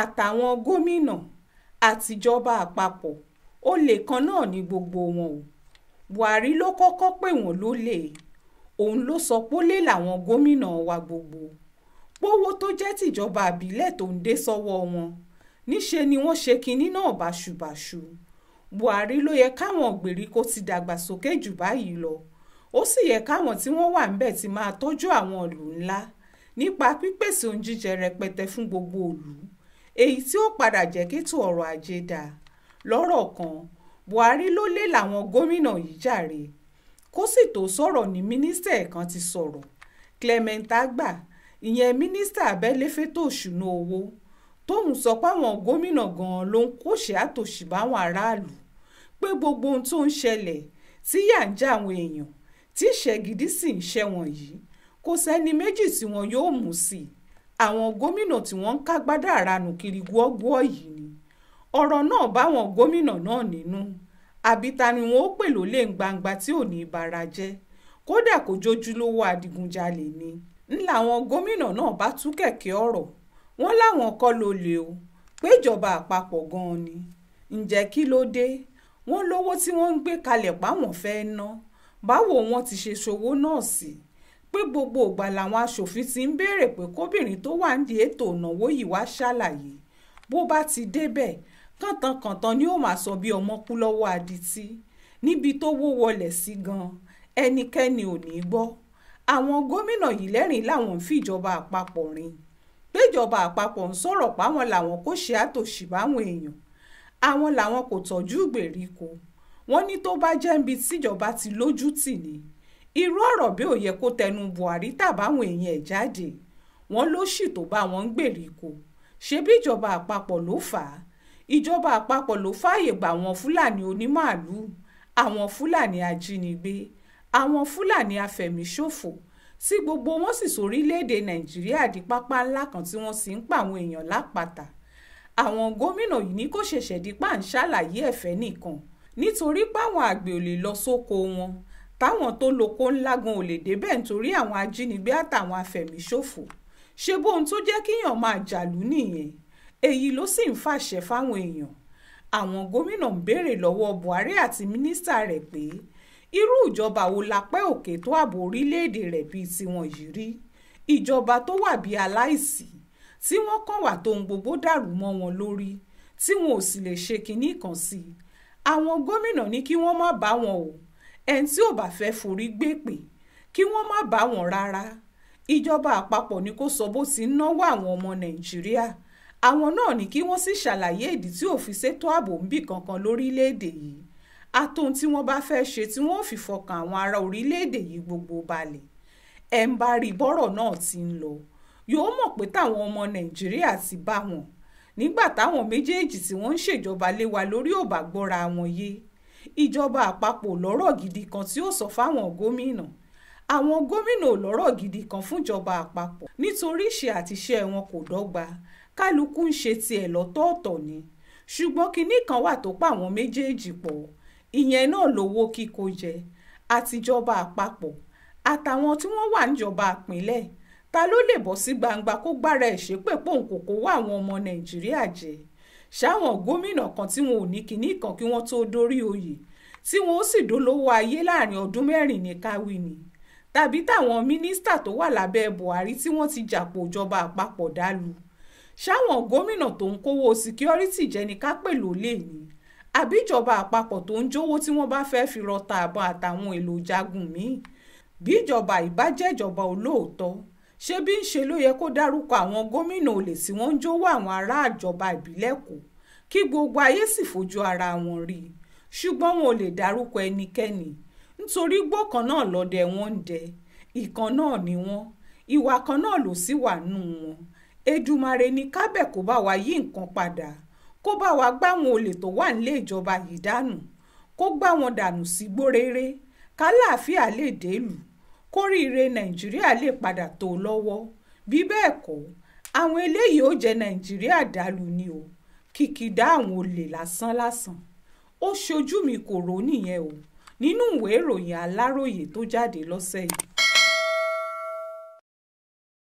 àtàwọn gómìnà àtijọba àpapọ̀ olè kan náà ni gbogbo wọn o buhari ló kọ́kọ́ pè wọ́n lólè òun ló sọ pólè làwọn gómìnà wa gbogbo pówó tó jẹ́ tìjọba àbílẹ̀ tó ń dé sọ́wọ́ wọn níṣe ni wọ́n ṣe kinní náà báṣubàṣu buhari ló yẹ káwọn gbèríko ti dàgbàsókè jù báyìí lọ ó sì yẹ káwọn tí wọ́n wà ńbẹ̀ ti máa tọ́jú àwọn ìlú ńlá nípa pípèsè oúnjíjẹ rẹpẹtẹ fún gbogbo ìlú èyí tí ó padà jẹ́ kétò ọrọ̀ ajé dáa lọ́rọ̀ kan buhari ló lé làwọn gómìnà yìí jàre kó sì tó sọ̀rọ̀ ní mínísítà ẹ̀kan ti sọ̀rọ̀ clement agba ìyẹn mínísítà abẹ́lé fétò òṣùnà owó tóun sọ páwọn gómìnà gan-an ló ń kóṣe àtòṣì báwọn aráàlú pé gbogbo ohun tó ń ṣẹlẹ̀ tí yà ń já àwọn èèyàn tí ìṣẹ́ sì ń ṣẹ́ yìí kò sẹ́ni méjì tí wọn yóò mú sí i àwọn gómìnà tí wọ́n ń kágbádá àranù kiri gbọ́gbọ́ yìí ni ọ̀rọ̀ náà báwọn gómìnà náà nínú àbí ta ni wọn ó pè lólè gbangba tí ò ní bara jẹ́ kódà kò jójúlówó adigunjalè ni ńlá àwọn gómìnà náà bá tú kẹ̀kẹ́ ọ̀rọ̀ wọn láwọn kọ́ ló lè o péjọba àpapọ̀ gan-an ni ǹjẹ́ kí ló dé wọ́n lówó tí wọ́n ń gbé kalẹ̀ páwọn fẹ́ ná báwo wọ́n ti ṣe ṣòwò náà sí i pé gbogbo ìgbà làwọn aṣòfin ti ń béèrè pé kóbìnrin tó wà ní ètò ìnáwó yìí wá ṣàlàyé bó bá ti débẹ̀ kàntankàntan ni ó máa sọ bí ọmọ kú lọ́wọ́ adití níbi tó wó wọlẹ̀ sí gan ẹnikẹ́ni ò ní gbọ́ àwọn gómìnà yìí lẹ́rìn láwọn ń fìjọba àpapọ̀ rìn péjọba àpapọ̀ ń sọ̀rọ̀ páwọn làwọn kò ṣe àtòṣì báwọn èèyàn àwọn làwọn kò tọ́jú ìgbèríko wọ́n ní tó bá jẹ́ ibi tíjọba ti lójú tì ní irú ọ̀rọ̀ bí ò yẹ kó tẹnu Buhari tàbáwọn èèyàn ẹ̀ jáde wọn ló sì tó bá wọn ń gbèríko ṣebí ìjọba àpapọ̀ ló fà á ìjọba àpapọ̀ ló fààyè gba àwọn Fúlàní onímàálùú àwọn Fúlàní ajínigbé àwọn Fúlàní afẹ̀míṣòfò tí gbogbo wọn sì sórílẹ̀-èdè Nàìjíríà di pápá ńlá kan tí wọ́n sì ń pa àwọn èèyàn lápàtà àwọn gómìnà yìí ní kò ṣẹ̀ṣẹ̀ di páà ń ṣàlàyé ẹ̀fẹ́ nìkan nítorí páwọn àgbẹ̀ ò lè lọ sóko wọn táwọn tó lóko ńlá gan ò lè débẹ̀ nítorí àwọn ajínigbé àtàwọn afẹ̀míṣòfò ṣe bóun tó jẹ́ kíyàn máa jàlú nìyẹn èyí ló sì ń fàṣẹ fáwọn èèyàn àwọn gómìnà ń béèrè lọ́wọ́ Buhari àti mínísítà rẹ̀ pé irú ìjọba wo lápẹ́ òkè tó ààbò orílẹ̀-èdè rẹ̀ bíi tiwọn yìí rí ìjọba tó wà bíi aláìsí tí wọ́n kàn wà tó ń gbogbo dàrú mọ́ wọn lórí tí wọn ò sì lè ṣe kinní kan sí i àwọn gómìnà ní kí wọ́n má bá wọn o ẹni tí ò bá fẹ́ forí gbèpè kí wọ́n má bá wọn rárá ìjọba àpapọ̀ ni kò sọ bó ti ń náwó àwọn ọmọ nàìjíríà àwọn náà ní kí wọ́n sì ṣàlàyé ìdí tí òfin ṣètò ààbò ń bì kankan lórílẹ̀‐èdè yìí àtòun tí wọ́n bá fẹ́ ṣe tí wọ́n fi fọkàn àwọn ará orílẹ̀‐èdè yìí gbogbo balẹ̀ ẹ̀ ń bá rí bọ́rọ̀ náà ti ń lọ yóò mọ̀ pé táwọn ọmọ nàìjíríà ti bá wọn nígbà táwọn méjèèjì tí wọ́n ń ṣèjọba lé wa lórí ò bá wọn yé ìjọba àpapọ̀ lọ́rọ̀ gidi kan tí ó sọ fáwọn gómìnà àwọn gómìnà ò lọ́rọ̀ gidi kan fúnjọba àpapọ̀ nítorí ìṣe àtiṣe wọn kò dọ́gba kálukú ń ṣe tiẹ̀ lọ́tọ̀ọ̀tọ̀ ni ṣùgbọ́n kinní kan wà tó pa àwọn méjèèjì pọ̀ ìyẹn náà lówó kíkó jẹ àtijọba àpapọ̀ àtàwọn tí wọ́n wà níjọba àpínlẹ̀ ta ló lè bọ́ sí gbangba kó gbára ẹ̀ ṣépè pòun wá àwọn ọmọ nàìjíríà jẹ ṣáwọn gómìnà kan tí wọn ò ní kinní kan kí wọ́n tó dórí oyè tí wọn ó sì dolówó ayé láàrin ọdún mẹ́rin ní káwí ni tàbí táwọn mínísítà tó wà lábẹ́ Buhari tí wọ́n ti jàpò ìjọba àpapọ̀ dálu ṣáwọn gómìnà tó ń kówó síkírọ́rìtì jẹni ká pè lólè ni àbí ìjọba àpapọ̀ tó ń jówó tí wọ́n bá fẹ́ fi rọta àbọn àtàwọn èlò jagun míì bí ìjọba ìbá ṣé bí ń ṣe ló yẹ kó dárúkọ àwọn gómìnà olè tí wọ́n ń jówó àwọn ará àjọba ìbílẹ̀ kù kí gbogbo ayé sì fojú ara wọn rí i ṣùgbọ́n wọn ò lè dárúkọ ẹnikẹ́ni nítorí igbó kan náà lọ́dẹ wọn ń dẹ ìkan náà ni wọ́n ìwà kan náà ló sì wà nù wọn Èdùmàrè ní kábẹ̀ kó bá wa yí nǹkan padà kó bá wa gbá wọn olè tó wà nílé ìjọba yìí dànù kó gbá wọn dànù sígbó rere kálàáfíà lè délùú kóríire nàìjíríà lè padà tó lọ́wọ́ bí bẹ́ẹ̀ kọ́ àwọn eléyìí ó jẹ nàìjíríà dàlú ni o kìkìdá àwọn olè lásán lásán ó ṣojú mi kò rò nìyẹn o nínú ìwé ìròyìn aláròye tó jáde lọ́sẹ̀ yìí